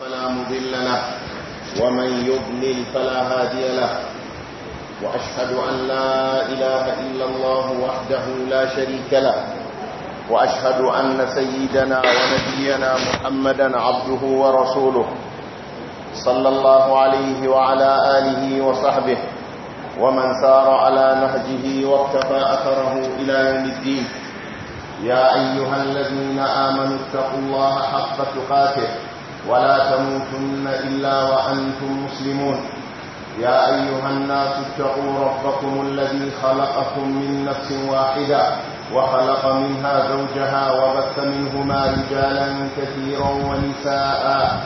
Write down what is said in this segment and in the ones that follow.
فلا مضل له ومن يضلل فلا هادي له وأشهد أن لا إله إلا الله وحده لا شريك له وأشهد أن سيدنا ونبينا محمدا عبده ورسوله صلى الله عليه وعلى آله وصحبه ومن سار على نهجه واقتفى أثره إلى يوم الدين يا أيها الذين آمنوا اتقوا الله حق تقاته ولا تموتن إلا وأنتم مسلمون يا أيها الناس اتقوا ربكم الذي خلقكم من نفس واحدة وخلق منها زوجها وبث منهما رجالا كثيرا ونساء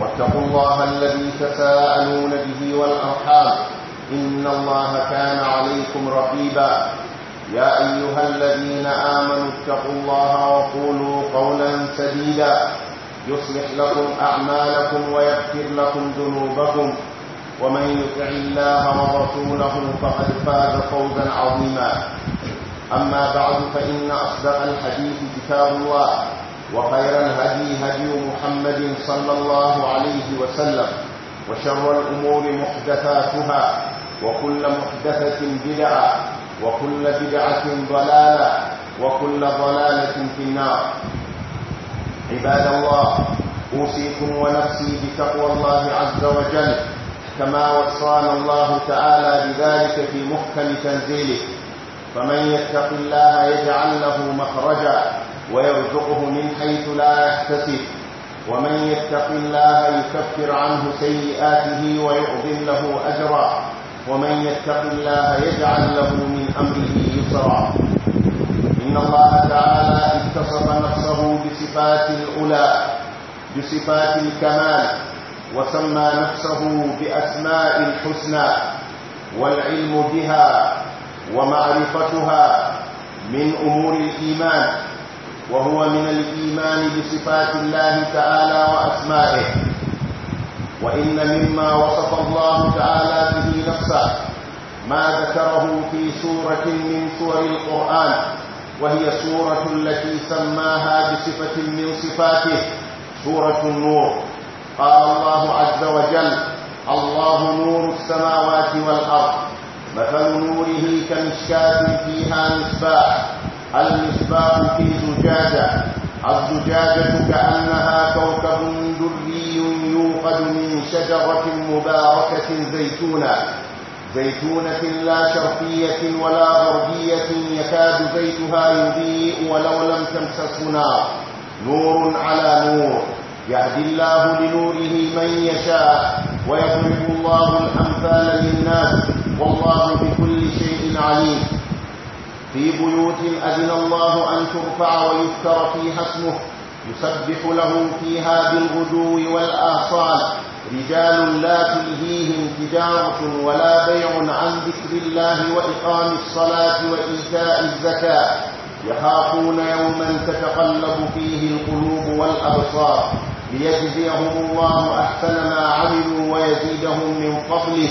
واتقوا الله الذي تساءلون به والأرحام إن الله كان عليكم رقيبا يا أيها الذين آمنوا اتقوا الله وقولوا قولا سديدا يصلح لكم أعمالكم ويغفر لكم ذنوبكم ومن يطع الله ورسوله فقد فاز فوزا عظيما أما بعد فإن أصدق الحديث كتاب الله وخير الهدي هدي محمد صلى الله عليه وسلم وشر الأمور محدثاتها وكل محدثة بدعة وكل بدعة ضلالة وكل ضلالة في النار عباد الله أوصيكم ونفسي بتقوى الله عز وجل كما وصانا الله تعالى بذلك في محكم تنزيله فمن يتق الله يجعل له مخرجا ويرزقه من حيث لا يحتسب ومن يتق الله يكفر عنه سيئاته ويعظم له أجرا ومن يتق الله يجعل له من أمره يسرا إن الله تعالى اتصف نفسه بصفات العلا بصفات الكمال وسمى نفسه بأسماء الحسنى والعلم بها ومعرفتها من أمور الإيمان وهو من الإيمان بصفات الله تعالى وأسمائه وإن مما وصف الله تعالى به نفسه ما ذكره في سورة من سور القرآن وهي سورة التي سماها بصفة من صفاته سورة النور قال الله عز وجل الله نور السماوات والأرض مثل نوره كمشكاة فيها مصباح المصباح في زجاجة الزجاجة كأنها كوكب دري يوقد من شجرة مباركة زيتونة زيتونة لا شرقية ولا غربية يكاد زيتها يضيء ولو لم تمسسه نار نور على نور يهدي الله لنوره من يشاء ويضرب الله الأمثال للناس والله بكل شيء عليم في بيوت أذن الله أن ترفع ويذكر فيها اسمه يسبح له فيها بالغدو والآصال رجال لا تلهيهم تجارة ولا بيع عن ذكر الله وإقام الصلاة وإيتاء الزكاة يخافون يوما تتقلب فيه القلوب والأبصار ليجزيهم الله أحسن ما عملوا ويزيدهم من فضله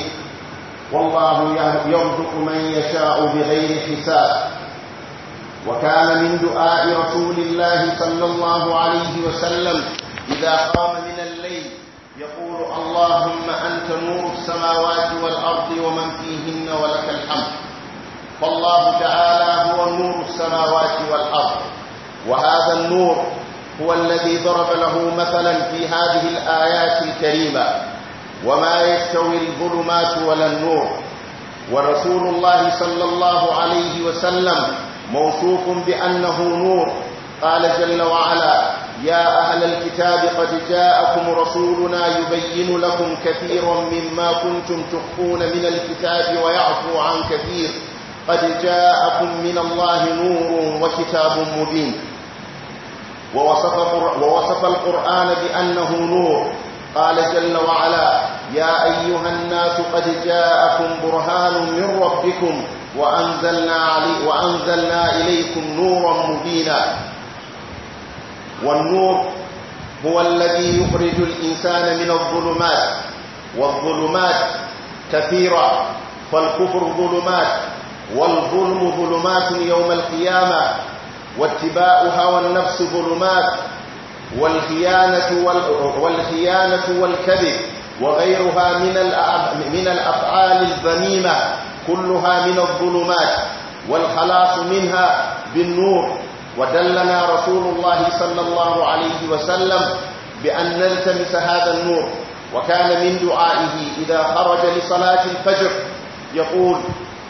والله يرزق من يشاء بغير حساب وكان من دعاء رسول الله صلى الله عليه وسلم إذا قام من يقول اللهم أنت نور السماوات والأرض ومن فيهن ولك الحمد فالله تعالى هو نور السماوات والأرض وهذا النور هو الذي ضرب له مثلا في هذه الآيات الكريمة وما يستوي الظلمات ولا النور ورسول الله صلى الله عليه وسلم موصوف بأنه نور قال جل وعلا يا أهل الكتاب قد جاءكم رسولنا يبين لكم كثيرا مما كنتم تخفون من الكتاب ويعفو عن كثير قد جاءكم من الله نور وكتاب مبين ووصف, ووصف القرآن بأنه نور قال جل وعلا يا أيها الناس قد جاءكم برهان من ربكم وأنزلنا, علي وأنزلنا إليكم نورا مبينا والنور هو الذي يخرج الإنسان من الظلمات والظلمات كثيرة فالكفر ظلمات والظلم ظلمات يوم القيامة واتباع هوى النفس ظلمات والخيانة, والخيانة والكذب وغيرها من, من الأفعال الذميمة كلها من الظلمات والخلاص منها بالنور ودلنا رسول الله صلى الله عليه وسلم بأن نلتمس هذا النور وكان من دعائه إذا خرج لصلاة الفجر يقول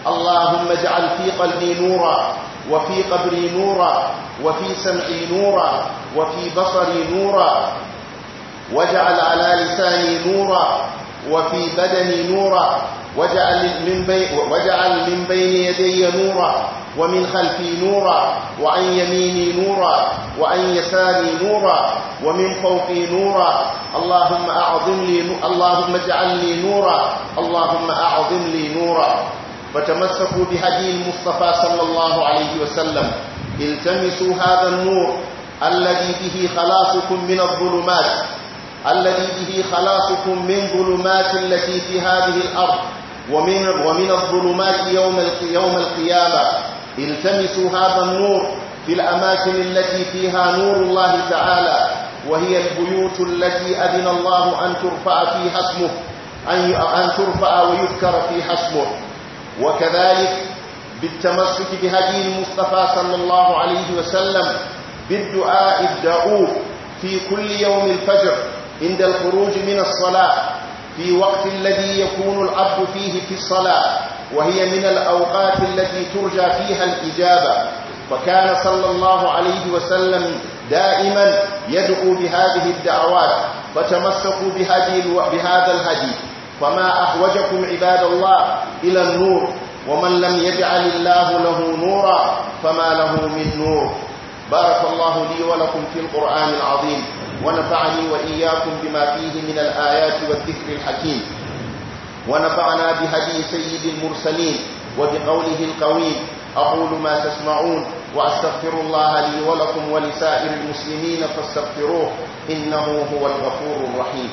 اللهم اجعل في قلبي نورا وفي قبري نورا وفي سمعي نورا وفي بصري نورا واجعل على لساني نورا وفي بدني نورا واجعل من, بين يدي نورا ومن خلفي نورا وعن يميني نورا وعن يساري نورا ومن فوقي نورا اللهم أعظم لي اللهم اجعل لي نورا اللهم أعظم لي نورا فتمسكوا بهدي المصطفى صلى الله عليه وسلم التمسوا هذا النور الذي به خلاصكم من الظلمات الذي به خلاصكم من ظلمات التي في هذه الأرض ومن, ومن الظلمات يوم, يوم القيامة التمسوا هذا النور في الأماكن التي فيها نور الله تعالى وهي البيوت التي أذن الله أن ترفع فيها اسمه أن ترفع ويذكر فيها اسمه وكذلك بالتمسك بهدي المصطفى صلى الله عليه وسلم بالدعاء الدؤوب في كل يوم الفجر عند الخروج من الصلاة في وقت الذي يكون العبد فيه في الصلاة وهي من الأوقات التي ترجى فيها الإجابة فكان صلى الله عليه وسلم دائما يدعو بهذه الدعوات فتمسكوا بهذا الهدي فما أحوجكم عباد الله إلى النور ومن لم يجعل الله له نورا فما له من نور بارك الله لي ولكم في القرآن العظيم ونفعني وإياكم بما فيه من الآيات والذكر الحكيم ونفعنا بهدي سيد المرسلين وبقوله القويم أقول ما تسمعون وأستغفر الله لي ولكم ولسائر المسلمين فاستغفروه إنه هو الغفور الرحيم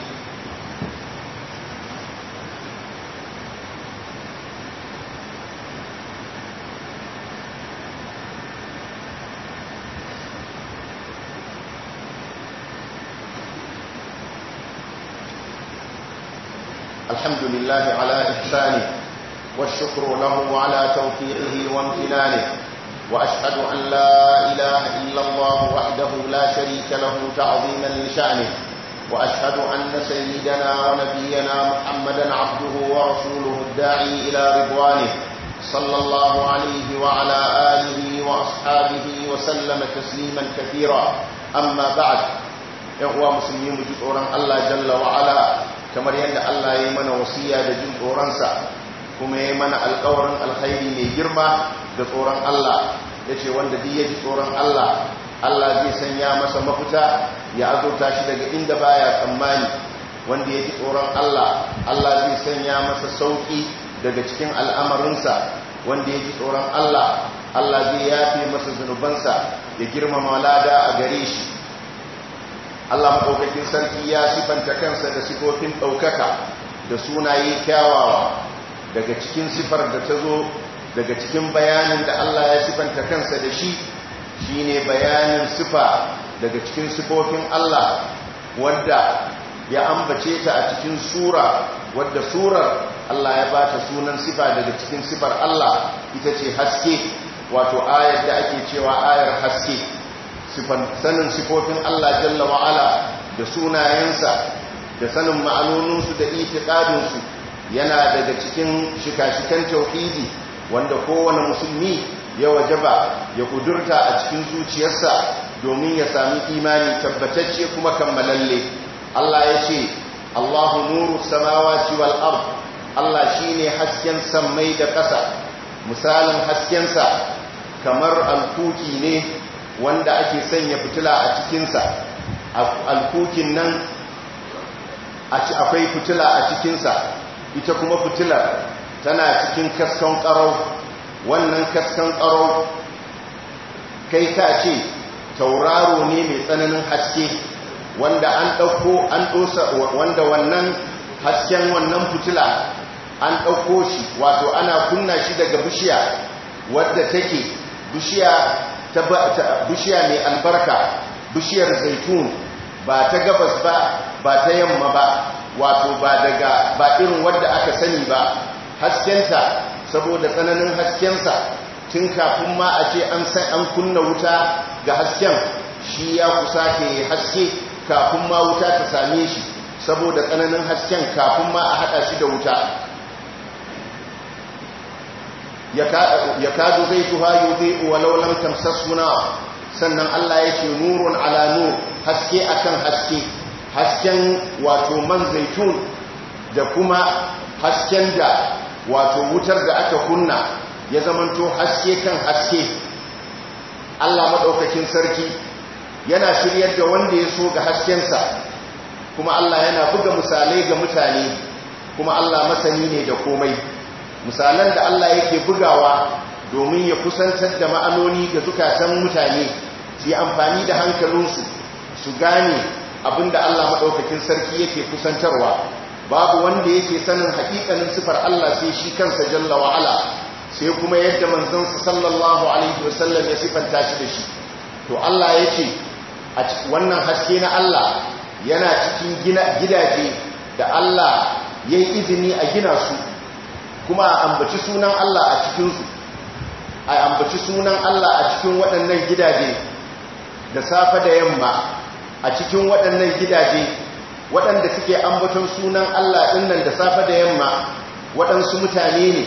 الله على إحسانه والشكر له على توفيقه وامتنانه وأشهد أن لا إله إلا الله وحده لا شريك له تعظيما لشأنه وأشهد أن سيدنا ونبينا محمدا عبده ورسوله الداعي إلى رضوانه صلى الله عليه وعلى آله وأصحابه وسلم تسليما كثيرا أما بعد إخوة مسلمين جدورا الله جل وعلا kamar yadda Allah ya yi mana wasiya da jin tsoronsa kuma ya yi mana alkawarin alkhairi mai girma da tsoron Allah ya ce wanda duk ya ji tsoron Allah Allah zai sanya masa mafita ya azurta shi daga inda baya tsammani wanda ya ji tsoron Allah Allah zai sanya masa sauki daga cikin al'amarinsa wanda ya ji tsoron Allah Allah zai yafe masa zunubansa ya girmama lada a gare shi Allah maɗaukakin sarki ya sifanta kansa da sifofin ɗaukaka da sunaye kyawawa daga cikin sifar da ta zo daga cikin bayanin da Allah ya sifanta kansa da shi shi ne bayanin sifa daga cikin sifofin Allah wadda ya ambace ta a cikin sura wadda surar Allah ya bata sunan sifa daga cikin sifar Allah ita ce haske wato ayar da ake cewa ayar haske sanin sifofin Allah jalla wa'ala da sunayensa da sanin ma'anoninsu da itiqadinsu yana daga cikin shika-shikan tauhidi wanda kowane musulmi ya wajaba ya kudurta a cikin zuciyarsa domin ya sami imani tabbatacce kuma kammalalle Allah ya ce Allahu nuru samawati wal ard Allah shine hasken sammai da ƙasa misalin haskensa kamar alkuki ne wanda ake sanya fitila a cikinsa alkukin nan akwai fitila a cikinsa ita kuma fitilar tana cikin kaskan ƙarau wannan kaskan ƙarau kai ta ce tauraro ne mai tsananin haske wanda an ɗauko an ɗosa wanda wannan hasken wannan fitila an ɗauko shi wato ana kunna shi daga bishiya wadda take bishiya bishiya mai albarka bishiyar zaitun ba ta gabas ba ba ta yamma ba wato ba daga ba irin wadda aka sani ba haskensa saboda tsananin haskensa tun kafin ma a ce an kunna wuta ga hasken shi ya kusa ke haske kafin ma wuta ta same shi saboda tsananin hasken kafin ma a haɗa shi da wuta yakadu zaituha yudhi'u uwa lam tamsashu nar sannan Allah yake nurun ala nur haske kan haske hasken wato man zaitun da kuma hasken da wato wutar da aka kunna ya zamanto haske kan haske Allah maɗaukakin sarki yana shiryar da wanda ya so ga haskensa kuma Allah yana buga misalai ga mutane kuma Allah masani ne da komai misalan da Allah yake bugawa domin ya kusantar da ma'anoni ga zukatan mutane su yi amfani da hankalinsu su gane abinda Allah maɗaukakin sarki yake kusantarwa babu wanda yake sanin haƙiƙanin sifar Allah sai shi kansa jalla wa'ala sai kuma yadda manzansa sallallahu alaihi wasallam ya sifanta shi da shi to Allah ya ce a wannan haske na Allah yana cikin gidaje da Allah ya yi izini a gina su kuma a ambaci sunan Allah a cikinsu a ambaci sunan Allah a cikin waɗannan gidaje da safe da yamma a cikin waɗannan gidaje waɗanda suke ambaton sunan Allah ɗinnan da safe da yamma waɗansu mutane ne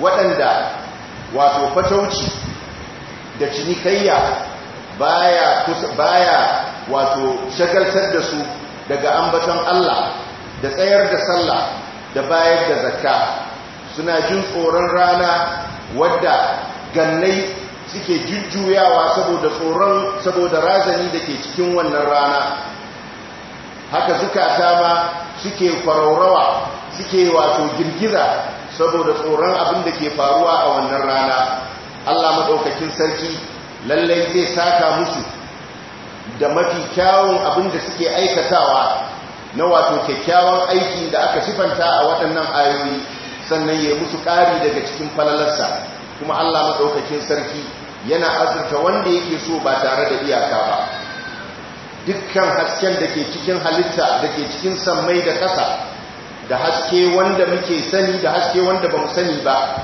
waɗanda wato fatauci da cinikayya baya baya wato shagaltar da su daga ambaton Allah da tsayar da sallah da bayar da zakka suna jin tsoron rana wadda gannai suke jujjuyawa saboda tsoron saboda razani da ke cikin wannan rana haka zukata ma suke kwararrawa suke wato girgiza saboda tsoron abin da ke faruwa a wannan rana Allah maɗaukakin sarki lallai zai saka musu da mafi kyawun abin da suke aikatawa na wato kyakkyawan aiki da aka sifanta a waɗannan ayoyi sannan ya mutu ƙari daga cikin falalarsa kuma Allah maɗaukakin sarki yana azurta wanda yake so ba tare da iyaka ba dukkan hasken da ke cikin halitta da ke cikin sammai da ƙasa da haske wanda muke sani da haske wanda ba mu sani ba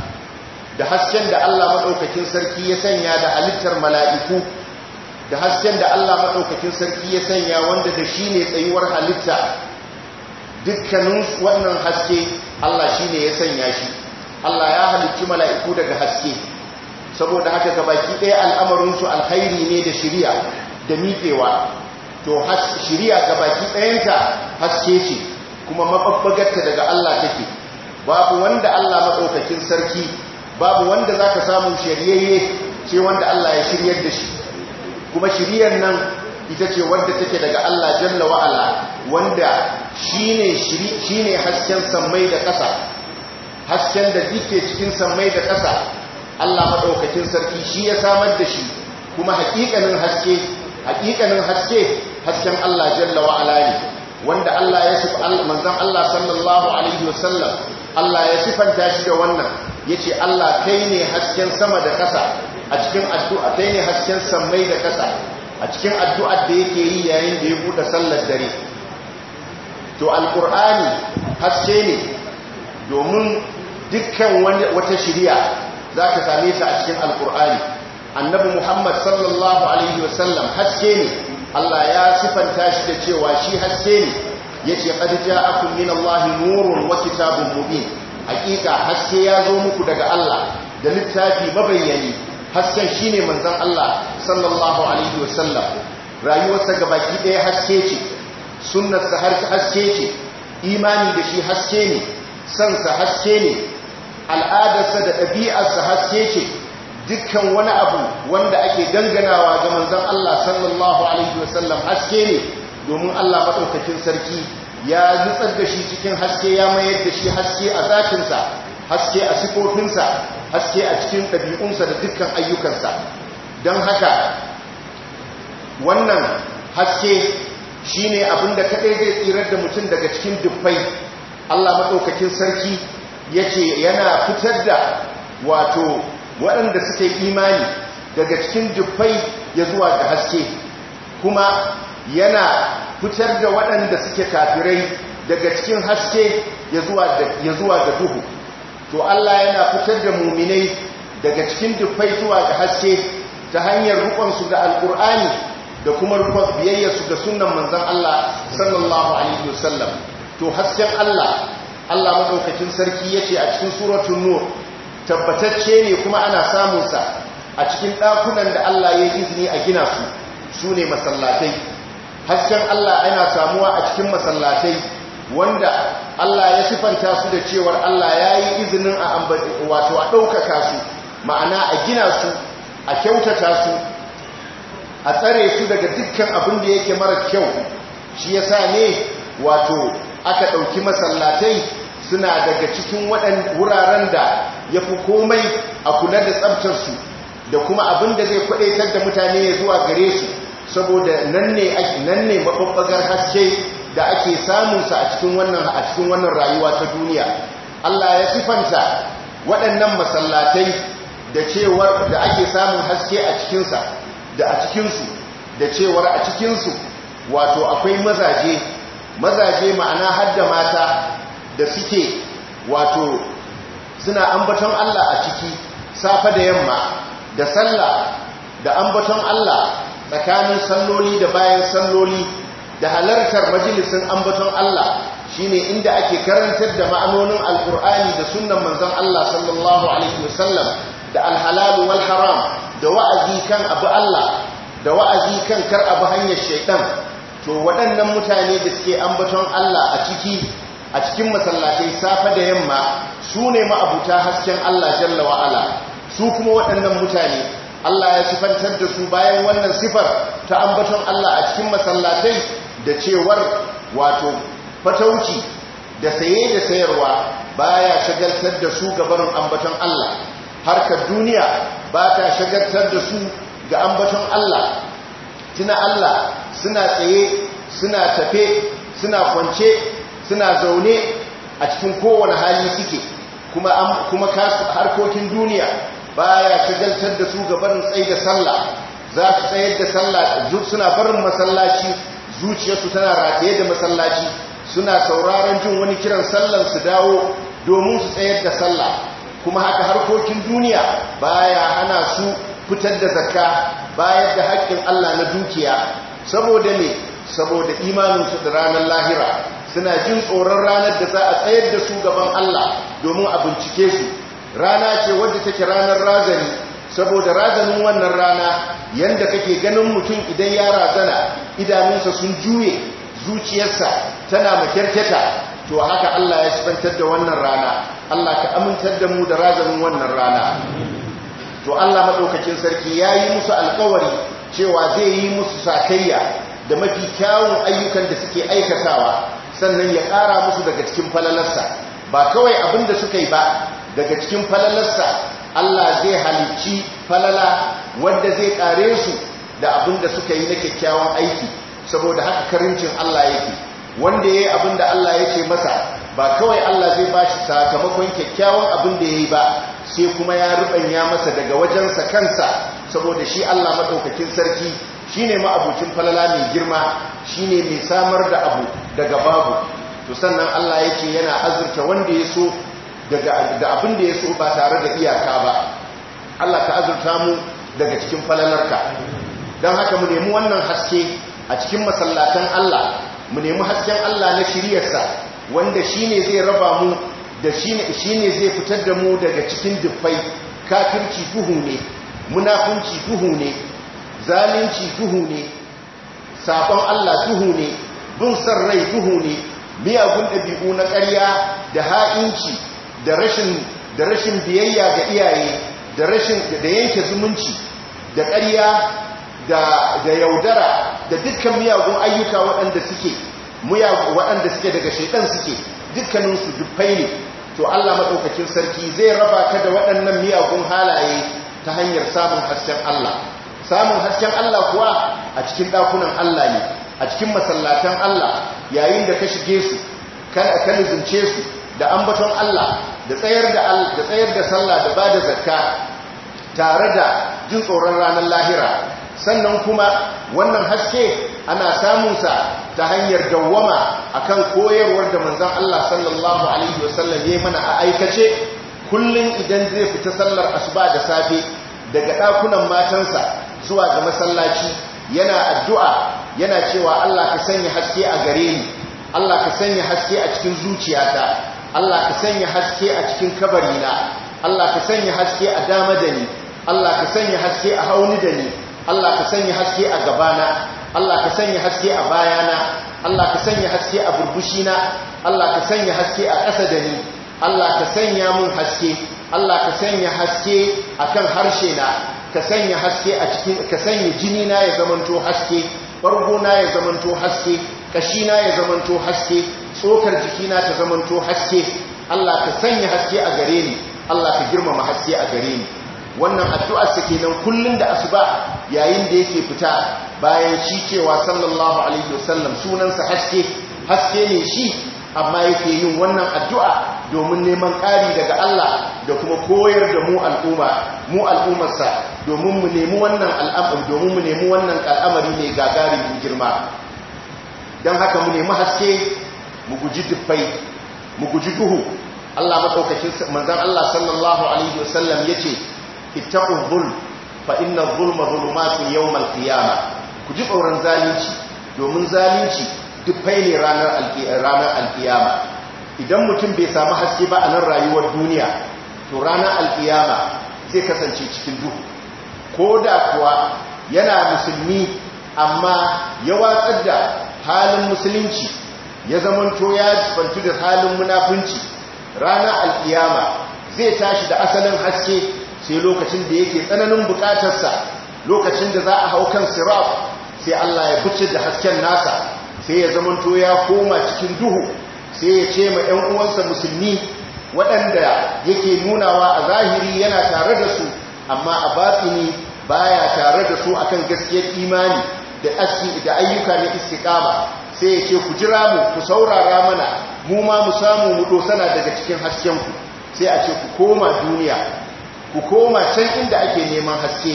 da hasken da Allah maɗaukakin sarki ya sanya da halittar mala'iku da hasken da Allah maɗaukakin sarki ya sanya wanda da shi ne tsayuwar halitta dukkanin wannan haske Allah shi ne ya sanya shi Allah ya halicci mala'iku daga haske saboda haka ga baki ɗaya al'amarinsu alhairi ne da shirya da miƙewa to shirya ga baki ɗayanta haske ce kuma maɓaɓɓagarta daga Allah take babu wanda Allah maɗaukakin sarki babu wanda za ka samu shiryayye ce wanda Allah ya shiryar da shi kuma shiryar nan ita ce wanda take daga Allah jalla wa'ala wanda shi ne hasken sammai da ƙasa hasken da jike cikin sammai da ƙasa Allah maɗaukakin sarki shi ya samar da shi kuma haƙiƙanin haske haƙiƙanin haske hasken Allah jalla wa alali wanda Allah ya sifa manzon Allah sallallahu alaihi wasallam Allah ya sifanta shi da wannan yace Allah kai ne hasken sama da ƙasa a cikin addu'a kai ne hasken sammai da ƙasa a cikin addu'ar da yake yi yayin da ya buɗe sallar dare to alkur'ani haske ne domin dukkan wata shirya za ka same ta a cikin alkur'ani annabi muhammad sallallahu alaihi wasallam haske ne allah ya sifanta shi da cewa shi haske ne ya ce ƙadija akun min allahi nurun wa kitabun mubin hakika haske ya zo muku daga allah da littafi mabayyani hasken shine manzon allah sallallahu alaihi wasallam rayuwarsa gabaki ɗaya haske ce sunnarsa har haske ce imani da shi haske ne sansa haske ne al'adarsa da ɗabi'arsa haske ce dukkan wani abu wanda ake danganawa ga manzon Allah sallallahu alaihi wasallam haske ne domin Allah madaukakin sarki ya nutsar da shi cikin haske ya mayar da shi haske a zafinsa haske a sifofinsa haske a cikin ɗabi'unsa da dukkan ayyukansa don haka wannan haske shine abin da kaɗai zai tsirar da mutum daga cikin dubbai Allah matsaukakin sarki yace yana fitar da wato waɗanda suke imani daga cikin dubbai ya zuwa ga haske kuma yana fitar da waɗanda suke kafirai daga cikin haske ya zuwa ga duhu to Allah yana fitar da muminai daga cikin dufai zuwa ga haske ta hanyar rukunsu da alkur'ani da kuma biyayya su ga sunan manzan Allah sallallahu alaihi wasallam to hasken Allah Allah madaukakin sarki yace a cikin suratul nur tabbatacce ne kuma ana samun sa a cikin ɗakunan da Allah ya izini a gina su sune masallatai hasken Allah yana samuwa a cikin masallatai wanda Allah ya sifanta su da cewar Allah yayi izinin a wato a daukaka su ma'ana a gina su a kyautata su a tsare su daga dukkan abin da yake mara kyau shi ya sa ne wato aka ɗauki masallatai suna daga cikin waɗanda wuraren da ya fi komai a kula da tsabtarsu da kuma abin da zai kwadaitar da mutane ya zuwa gare su saboda nan ne nan haske da ake samunsa a cikin wannan rayuwa ta duniya Allah ya sifanta waɗannan masallatai da cewa da ake samun haske a cikinsa da a cikinsu da cewar a cikinsu wato akwai mazaje mazaje ma'ana hadda mata da suke wato suna ambaton Allah a ciki safa da yamma da sallah da ambaton Allah tsakanin salloli da bayan salloli da halartar majalisun ambaton Allah shine inda ake karantar da ma'anonin alkur'ani da sunnan manzon Allah sallallahu alaihi wasallam da alhalalu wal haram da wa'azi kan abu Allah da wa'azi kan kar abu hanyar shaitan to waɗannan mutane da suke ambaton Allah a ciki a cikin masallatai safa da yamma su ne ma'abuta hasken Allah jalla wa'ala su kuma waɗannan mutane Allah ya sifantar da su bayan wannan sifar ta ambaton Allah a cikin masallatai da cewar wato fatauci da saye da sayarwa baya shagaltar da su gabanin ambaton Allah harkar duniya ba ta shagartar da su ga ambaton Allah tuna Allah suna tsaye suna tafe suna kwance suna zaune a cikin kowane hali suke kuma kuma harkokin duniya baya shagaltar da su ga barin tsaye da sallah za su tsayar da sallah duk suna barin masallaci zuciyarsu tana rataye da masallaci suna sauraron jin wani kiran sallan su dawo domin su tsayar da sallah kuma haka harkokin duniya baya hana su fitar da zakka bayar da haƙƙin Allah na dukiya saboda ne saboda imaninsu da ranar lahira suna jin tsoron ranar da za a tsayar da su gaban Allah domin a bincike su rana ce wadda take ranar razani saboda razanin wannan rana yanda kake ganin mutum idan ya razana idanunsa sun juye zuciyarsa tana makyarkyata to haka Allah ya sifantar da wannan rana Allah ka amintar da mu da razanin wannan rana to Allah madaukakin sarki ya yi musu alkawari cewa zai yi musu sakayya da mafi kyawun ayyukan da suke aikatawa sannan ya ƙara musu daga cikin falalarsa ba kawai abin da suka yi ba daga cikin falalarsa Allah zai halicci falala wanda zai ƙare su da abin da suka yi na kyakkyawan aiki saboda haka karincin Allah yake wanda ya yi abin da Allah ake masa ba kawai Allah zai ba shi sakamakon kyakkyawan abin da ya yi ba sai kuma ya rubanya masa daga wajensa kansa saboda shi Allah maɗaukakin sarki shi ne ma'abucin falala mai girma shi ne mai samar da abu daga babu to sannan Allah ya ce yana azurta wanda ya so da abin da ya so ba tare da iyaka ba Allah ka azurta mu daga cikin falalarka don haka mu nemi wannan haske a cikin masallatan Allah mu nemi hasken Allah na shiriyarsa wanda shi ne zai raba mu da shi ne zai fitar da mu daga cikin dufai kafirci duhu ne munafunci duhu ne zalunci duhu ne sabon Allah duhu ne bin san rai duhu ne miyagun ɗabi'u na ƙarya da ha'inci da rashin da rashin biyayya ga iyaye da yanke zumunci da ƙarya da yaudara da dukkan miyagun ayyuka waɗanda suke waɗanda suke daga shaidan suke dukkaninsu dubbai ne to Allah maɗaukakin sarki zai raba ka da waɗannan miyagun halaye ta hanyar samun hasken Allah samun hasken Allah kuwa a cikin ɗakunan Allah ne a cikin masallatan Allah yayin da ka shige su ka lizince su da ambaton Allah da tsayar da da tsayar da sallah da bada zakka tare da jin tsoron ranar lahira sannan kuma wannan haske ana samunsa ta hanyar dawwama kan koyarwar da manzan Allah sallallahu alaihi wasallam ya mana a aikace kullum idan zai fita sallar asuba da safe daga ɗakunan matansa zuwa ga masallaci yana addu'a yana cewa Allah ka sanya haske a gare ni Allah ka sanya haske a cikin zuciyata Allah ka sanya haske a cikin kabarina Allah ka sanya haske a dama da ni Allah ka sanya haske a hauni da ni Allah ka sanya haske a gabana Allah ka sanya haske a bayana Allah ka sanya haske a burbushina Allah ka sanya haske a ƙasa da ni Allah ka sanya mun haske Allah ka sanya haske akan harshe na ka sanya haske a cikin ka sanya jini na ya zamanto haske bargo na ya zamanto haske kashi na ya zamanto haske tsokar jikina ta zamanto haske Allah ka sanya haske a gare ni Allah ka girmama haske a gare ni wannan addu'arsa kenan kullum da asuba yayin da yake fita bayan shi cewa sallallahu alaihi wasallam sunansa haske haske ne shi amma yake yin wannan addu'a domin neman ƙari daga Allah da kuma koyar da mu al'umma mu al'ummarsa domin mu nemi wannan al'amari domin mu nemi wannan al'amari ne gagarin girma don haka mu nemi haske mu guji dufai mu guji duhu Allah maɗaukakin manzan Allah sallallahu alaihi wasallam ya ce ittaqul zulm fa inna zulma zulumatun yawmal qiyamah ku ji tsoron zalunci domin zalunci duk faile ranar ranar alkiyama idan mutum bai samu haske ba a nan rayuwar duniya to ranar alkiyama zai kasance cikin duhu ko da kuwa yana musulmi amma ya watsar da halin musulunci ya zamanto ya bantu da halin munafunci ranar alkiyama zai tashi da asalin haske sai lokacin da yake tsananin bukatarsa lokacin da za a hau kan sirat sai Allah ya fice da hasken nasa sai ya zamanto ya koma cikin duhu sai ya ce ma 'yan uwansa musulmi waɗanda yake nunawa a zahiri yana tare da su amma a batini baya tare da su akan gaskiyar imani da da ayyuka na istiqama sai ya ce ku jira mu ku saurara mana mu ma mu samu mu dosana daga cikin hasken ku sai a ce ku koma duniya ku koma can inda ake neman haske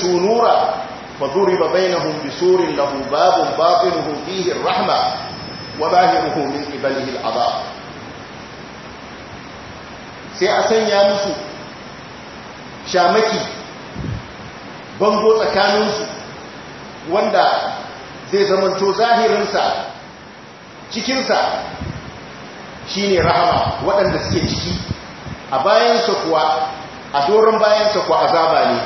su nura فضرب بينهم بسور له باب باطنه ba wa وظاهره من قبله العذاب sai a sanya musu shamaki bango tsakaninsu wanda zai zamanto zahirinsa cikinsa shine rahama waɗanda suke ciki a bayansa kuwa a doron bayansa kuwa azaba ne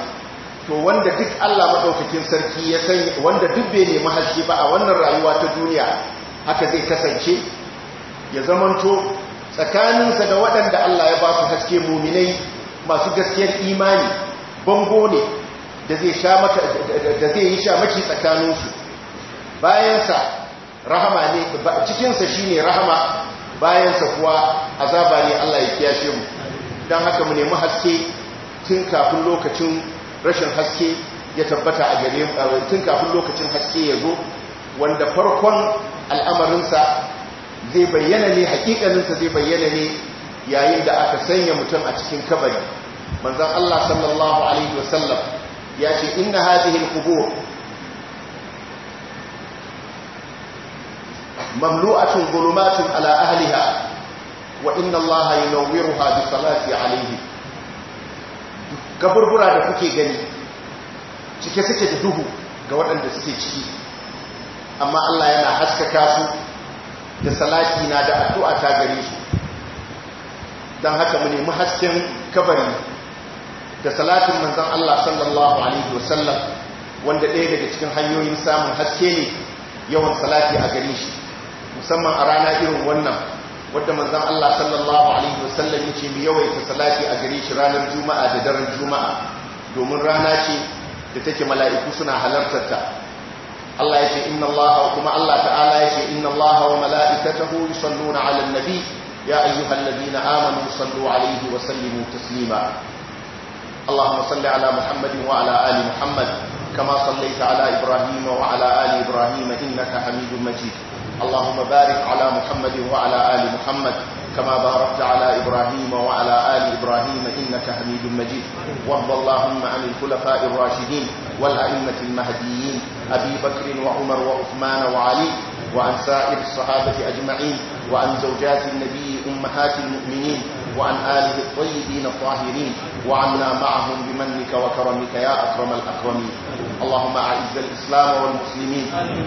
to wanda duk Allah maɗaukakin sarki ya sanya wanda duk bai nemi haske ba a wannan rayuwa ta duniya haka zai kasance ya zamanto tsakaninsa da waɗanda Allah ya ba su haske muminai masu gaskiyar imani bango ne da zai sha maka da zai yi sha maki tsakaninsu bayansa rahama ne cikinsa shi ne rahama bayansa kuwa azaba ne Allah ya kiyashe mu don haka mu nemi haske tun kafin lokacin rashin haske ya tabbata a gare tun kafin lokacin haske ya zo wanda farkon al'amarinsa zai bayyana ne hakikaninsa zai bayyana ne yayin da aka sanya mutum a cikin kabari manzon Allah sallallahu alaihi wasallam ya ce inna hadhihi al-qubur mamlu'atun zulumatun ala ahliha وإن الله ينورها بصلاة عليه burbura da kuke gani cike suke da duhu ga waɗanda suke ciki amma Allah yana haskaka su da salati na da addu'a ta gare su dan haka mu nemi hasken kabari da salatin manzon Allah sallallahu alaihi wasallam wanda ɗaya daga cikin hanyoyin samun haske ne yawan salati a gare shi musamman a rana irin wannan wadda manzan Allah sallallahu alaihi wasallam yace mu yawaita salafi a gare shi ranar juma'a da daren juma'a domin rana ce da take mala'iku suna halartarta. Allah Ya ce inna Allah kuma Allah ta'ala ya ce inna Allah wa mala'ikatahu yusalluna 'alan nabi ya ayyuhalladhina amanu sallu 'alaihi wa sallimu taslima اللهم صل على محمد وعلى آل محمد كما صليت على إبراهيم وعلى آل إبراهيم إنك حميد مجيد اللهم بارك على محمد وعلى آل محمد كما باركت على إبراهيم وعلى آل إبراهيم إنك حميد مجيد وارض اللهم عن الخلفاء الراشدين والأئمة المهديين أبي بكر وعمر وعثمان وعلي وعن سائر الصحابة أجمعين وعن زوجات النبي أمهات المؤمنين وعن آله الطيبين الطاهرين وعنا معهم بمنك وكرمك يا أكرم الأكرمين اللهم أعز الإسلام والمسلمين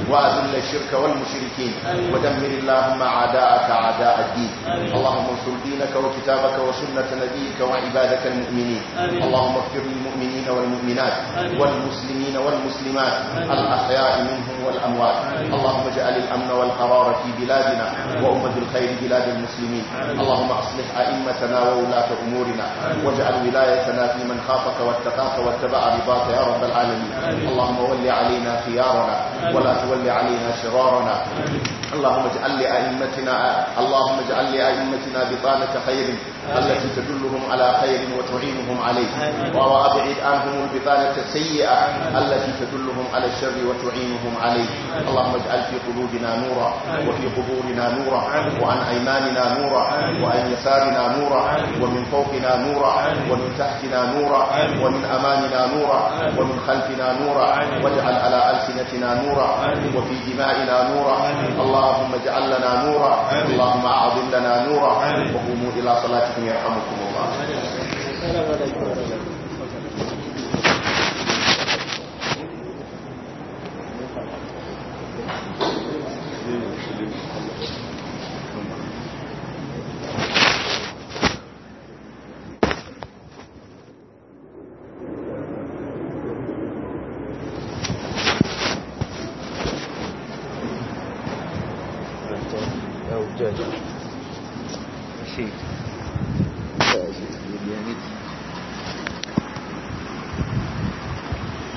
وأذل الشرك والمشركين ودمر اللهم عداءك عداء الدين اللهم انصر دينك وكتابك وسنة نبيك وعبادك المؤمنين اللهم اغفر للمؤمنين والمؤمنات والمسلمين والمسلمات الأحياء منهم والأموات اللهم اجعل الأمن والقرار في بلادنا وأمة الخير بلاد المسلمين اللهم أصلح أئمتنا وولاة أمورنا واجعل ولاية ولايتنا في من خافك واتقاك واتبع رضاك يا رب العالمين اللهم ول علينا خيارنا ولا تولي علينا شرارنا اللهم اجعل لأئمتنا اللهم اجعل لأئمتنا بطانة خير التي تدلهم على خير وتعينهم عليه وأبعد عنهم البطانة السيئة التي تدلهم على الشر وتعينهم عليه اللهم اجعل في قلوبنا نورا وفي قبورنا نورا وعن أيماننا نورا وعن يسارنا نورا ومن فوقنا نورا ومن تحتنا نورا ومن أمامنا نورا ومن خلفنا نورا واجعل على ألسنتنا نورا وفي دمائنا نورا اللهم اجعل لنا نورا اللهم أعظم لنا نورا وقوموا إلى صلاتكم وإياكم يرحمكم الله